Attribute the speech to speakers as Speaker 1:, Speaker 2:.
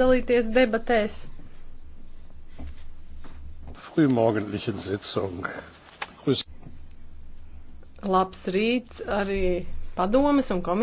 Speaker 1: dalīties debatēs.
Speaker 2: Frühmorgendlichen
Speaker 3: Sitzung. Grüß.
Speaker 4: Labs rīts arī padomes un komisijas.